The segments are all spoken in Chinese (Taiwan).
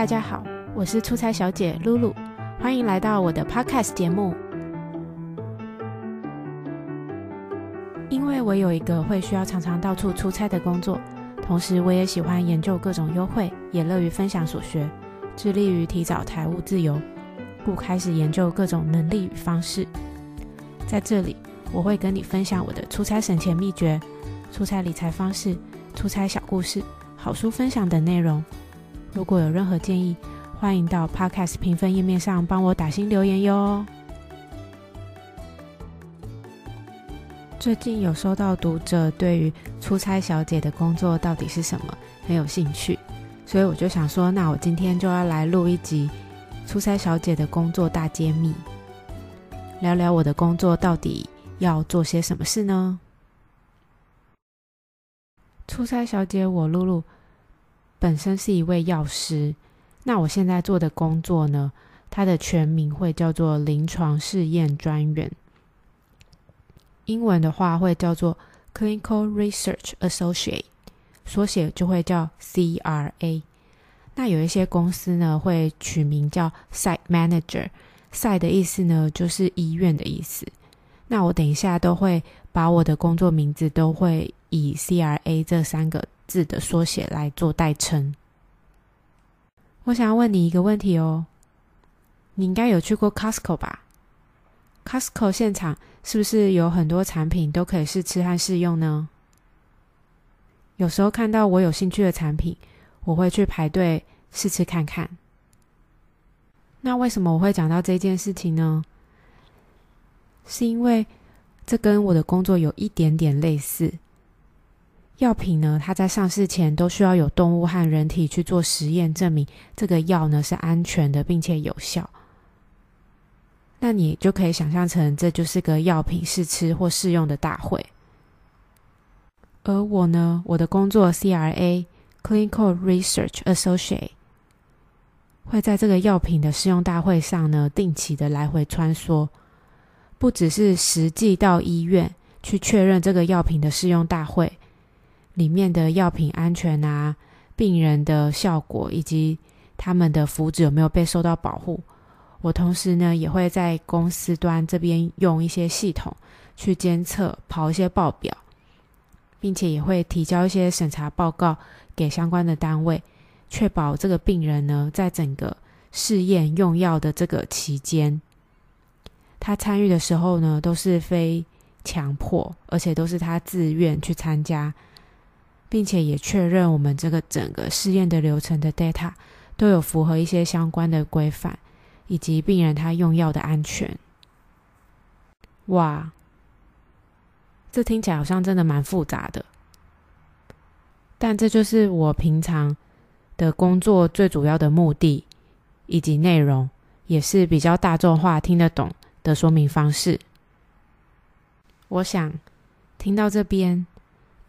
大家好，我是出差小姐露露，歡迎來到我的 podcast 節目。因為我有一個會需要常常到處出差的工作，同時我也喜歡研究各種優惠，也樂於分享所學，致力於提早財務自由，故開始研究各種能力與方式。在這裡，我會跟你分享我的出差省錢祕訣、出差理財方式、出差小故事、好書分享等內容。如果有任何建議，歡迎到 Podcast 評分頁面上幫我打星留言喲。最近有收到讀者對於出差小姐的工作到底是什麼很有興趣，所以我就想說，那我今天就要來錄一集《出差小姐的工作大揭祕》，聊聊我的工作到底要做些什麼事呢？出差小姐，我露露。本身是一位藥師，那我現在做的工作呢，它的全名會叫做臨床試驗專員，英文的話會叫做 Clinical Research Associate，縮寫就會叫 CRA。那有一些公司呢，會取名叫 Site Manager，Site 的意思呢，就是醫院的意思。那我等一下都會把我的工作名字都會以 CRA 這三個。字的縮寫來做代稱。我想要問你一個問題哦，你應該有去過 Costco 吧？Costco 現場是不是有很多產品都可以試吃和試用呢？有時候看到我有興趣的產品，我會去排隊試吃看看。那為什麼我會講到這件事情呢？是因為這跟我的工作有一點點類似。藥品呢，它在上市前都需要有動物和人體去做實驗證明這個藥呢是安全的，並且有效。那你就可以想象成這就是個藥品試吃或試用的大會。而我呢，我的工作 CRA（Clinical Research Associate） 會在這個藥品的試用大會上呢，定期的來回穿梭，不只是實際到醫院去確認這個藥品的試用大會。裡面的藥品安全啊，病人的效果以及他們的福祉有沒有被受到保護？我同時呢也會在公司端這邊用一些系統去監測、跑一些報表，並且也會提交一些審查報告給相關的單位，確保這個病人呢在整個試驗用藥的這個期間，他參與的時候呢都是非強迫，而且都是他自願去參加。並且也確認我們這個整個試驗的流程的 data 都有符合一些相關的規範，以及病人他用藥的安全。哇，這聽起來好像真的蠻複雜的，但這就是我平常的工作最主要的目的，以及內容也是比較大衆化聽得懂的說明方式。我想聽到這邊。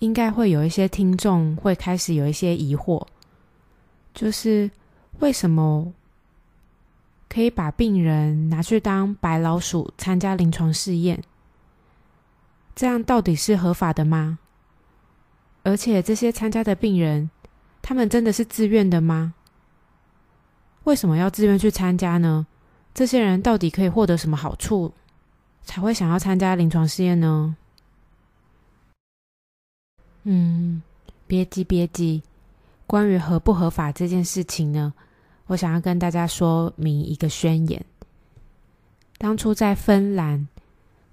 應該會有一些聽眾會開始有一些疑惑，就是為什麼可以把病人拿去當白老鼠參加臨床試驗？這樣到底是合法的嗎？而且這些參加的病人，他們真的是自願的嗎？為什麼要自願去參加呢？這些人到底可以獲得什麼好處，才會想要參加臨床試驗呢？嗯，別急別急，關於合不合法這件事情呢，我想要跟大家說明一個宣言。當初在芬蘭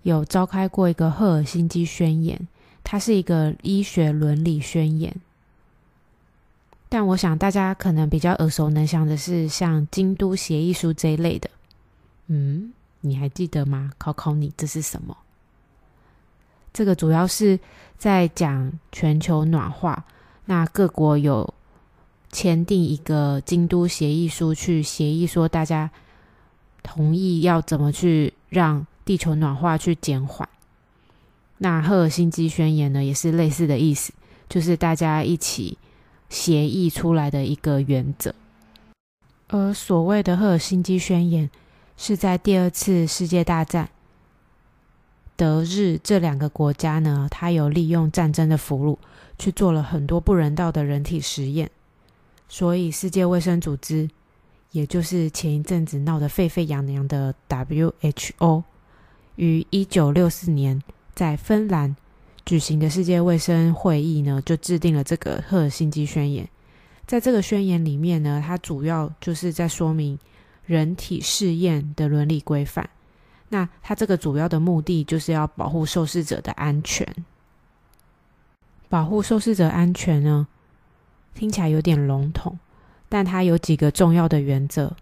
有召開過一個赫爾辛基宣言，它是一個醫學倫理宣言。但我想大家可能比較耳熟能詳的是像京都協議書這一類的。嗯，你還記得嗎？考考你這是什麼？這個主要是在講全球暖化，那各國有簽訂一個《京都協議書》，去協議說大家同意要怎麼去讓地球暖化去減緩。那《赫爾辛基宣言》呢，也是類似的意思，就是大家一起協議出來的一個原則。而所謂的《赫爾辛基宣言》是在第二次世界大戰。德日這兩個國家呢，它有利用戰爭的俘虜去做了很多不人道的人體實驗，所以世界衛生組織，也就是前一陣子鬧得沸沸揚揚的 WHO，於一九六四年在芬蘭舉行的世界衛生會議呢，就制定了這個赫爾辛基宣言。在這個宣言裡面呢，它主要就是在說明人體試驗的倫理規範。那他這個主要的目的就是要保護受試者的安全。保護受試者安全呢，聽起來有點籠統，但它有幾個重要的原則。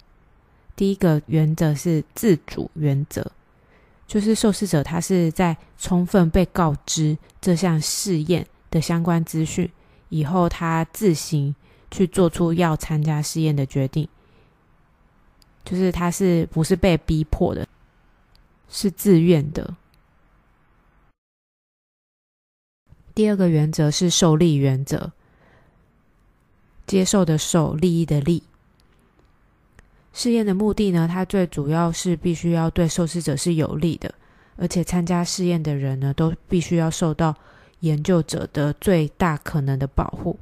第一個原則是自主原則，就是受試者他是在充分被告知這項試驗的相關資訊以後，他自行去做出要參加試驗的決定，就是他是不是被逼迫的？是自願的。第二個原則，是受利原則，接受的受，利益的利。試驗的目的呢，它最主要是必須要對受試者是有利的，而且參加試驗的人呢，都必須要受到研究者的最大可能的保護。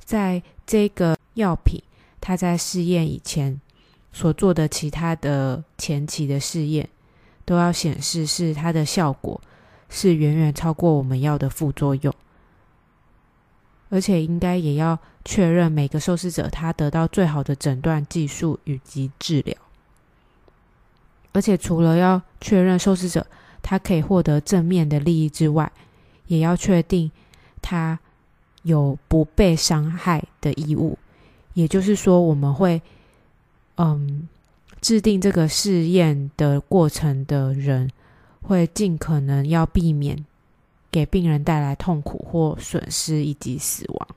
在這個藥品，它在試驗以前。所做的其他的前期的試驗，都要顯示是它的效果是遠遠超過我們要的副作用，而且應該也要確認每個受試者他得到最好的診斷技術以及治療，而且除了要確認受試者他可以獲得正面的利益之外，也要確定他有不被傷害的義務，也就是說我們會。嗯，制定這個試驗的過程的人會盡可能要避免給病人帶來痛苦或損失以及死亡，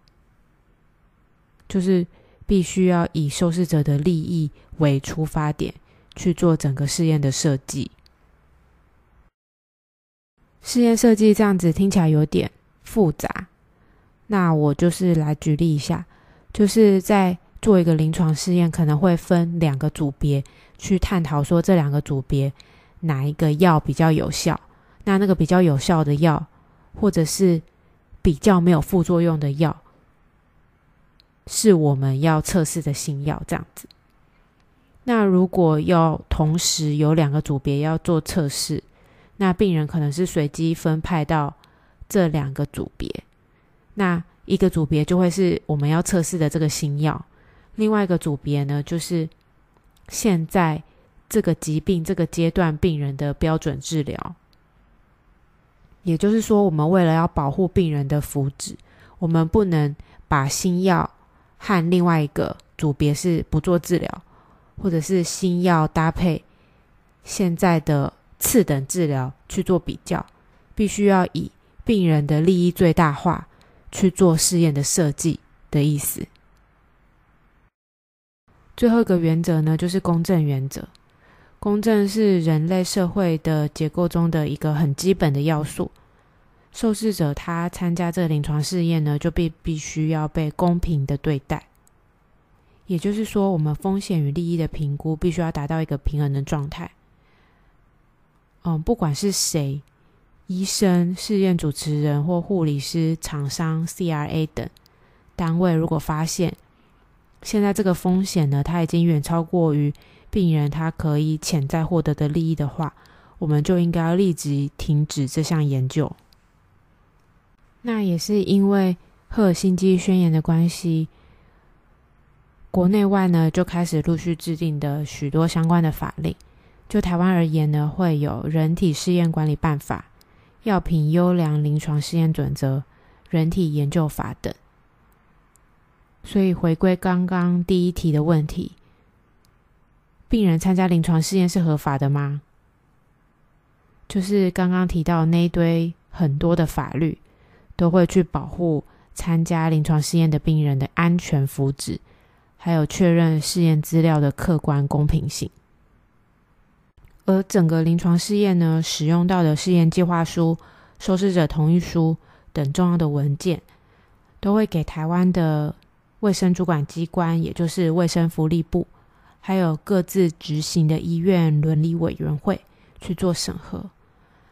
就是必須要以受試者的利益為出發點去做整個試驗的設計。試驗設計這樣子聽起來有點複雜，那我就是來舉例一下，就是在。做一個臨床試驗可能會分兩個組別去探討，說這兩個組別哪一個藥比較有效？那那個比較有效的藥，或者是比較沒有副作用的藥，是我們要測試的新藥。這樣子。那如果要同時有兩個組別要做測試，那病人可能是隨機分派到這兩個組別。那一個組別就會是我們要測試的這個新藥。另外一個組別呢，就是現在這個疾病這個階段病人的標準治療，也就是說，我們為了要保護病人的福祉，我們不能把新藥和另外一個組別是不做治療，或者是新藥搭配現在的次等治療去做比較，必須要以病人的利益最大化去做試驗的設計的意思。最後一個原則呢，就是公正原則。公正是人類社會的結構中的一個很基本的要素。受試者他參加這臨床試驗呢，就必必須要被公平的對待。也就是說，我們風險與利益的評估必須要達到一個平衡的狀態。嗯，不管是誰，醫生、試驗主持人或護理師、廠商、CRA 等單位，如果發現，現在這個風險呢，它已經遠超過於病人他可以潛在獲得的利益的話，我們就應該要立即停止這項研究。那也是因為赫爾辛基宣言的關係，國內外呢就開始陸續制定的許多相關的法令。就台灣而言呢，會有人體試驗管理辦法、藥品優良臨床試驗準則、人體研究法等。所以，回歸剛剛第一題的問題，病人參加臨床試驗是合法的嗎？就是剛剛提到那一堆很多的法律，都會去保護參加臨床試驗的病人的安全福祉，還有確認試驗資料的客觀公平性。而整個臨床試驗呢，使用到的試驗計劃書、受試者同意書等重要的文件，都會給台灣的衛生主管機關，也就是衛生福利部，還有各自執行的醫院倫理委員會去做審核，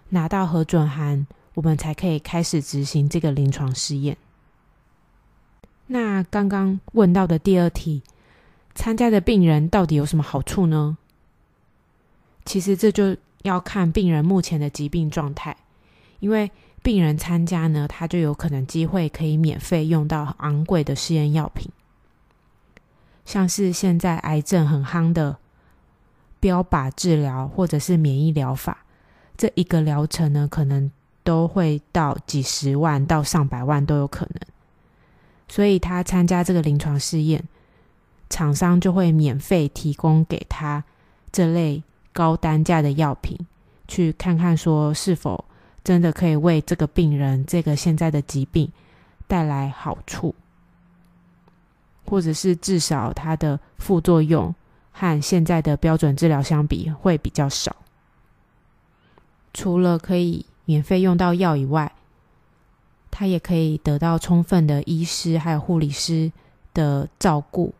拿到核准函，我們才可以開始執行這個臨床試驗。那剛剛問到的第二題，參加的病人到底有什麼好處呢？其實這就要看病人目前的疾病狀態，因為，病人參加呢，他就有可能機會可以免費用到昂貴的試驗藥品，像是現在癌症很夯的標靶治療或者是免疫療法，這一個療程呢，可能都會到幾十萬到上百萬都有可能，所以他參加這個臨床試驗，廠商就會免費提供給他這類高單價的藥品，去看看說是否真的可以為這個病人這個現在的疾病帶來好處，或者是至少他的副作用和現在的標準治療相比會比較少。除了可以免費用到藥以外，他也可以得到充分的醫師還有護理師的照顧，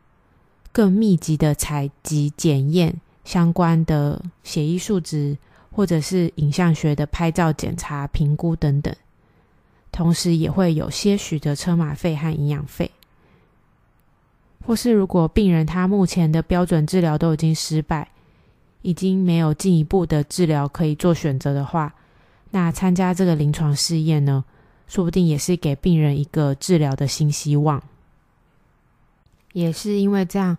更密集的採集檢驗相關的血液數值。或者是影像學的拍照檢查、評估等等，同時也會有些許的車馬費和營養費。或是如果病人他目前的標準治療都已經失敗，已經沒有進一步的治療可以做選擇的話，那參加這個臨床試驗呢，說不定也是給病人一個治療的新希望。也是因為這樣，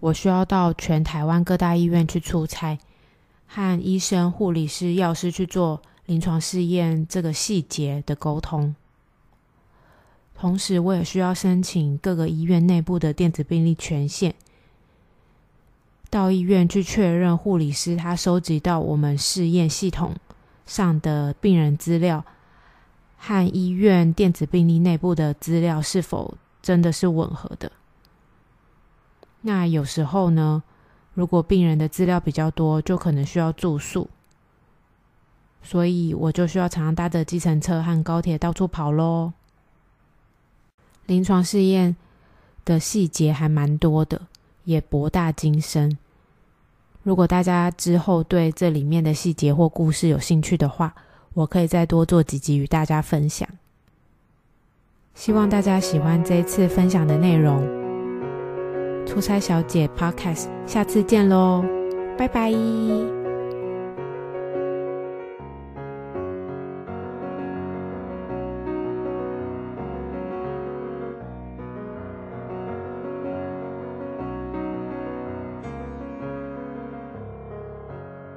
我需要到全台灣各大醫院去出差。和醫生、護理師、藥師去做臨床試驗這個細節的溝通，同時我也需要申請各個醫院內部的電子病歷權限，到醫院去確認護理師他收集到我們試驗系統上的病人資料和醫院電子病歷內部的資料是否真的是吻合的。那有時候呢，如果病人的資料比較多，就可能需要住宿，所以我就需要常常搭着計程車和高鐵到處跑咯。臨床試驗的細節還蠻多的，也博大精深。如果大家之後對這裡面的細節或故事有興趣的話，我可以再多做幾集與大家分享。希望大家喜歡這一次分享的內容。出差小姐 Podcast，下次見囉，拜拜。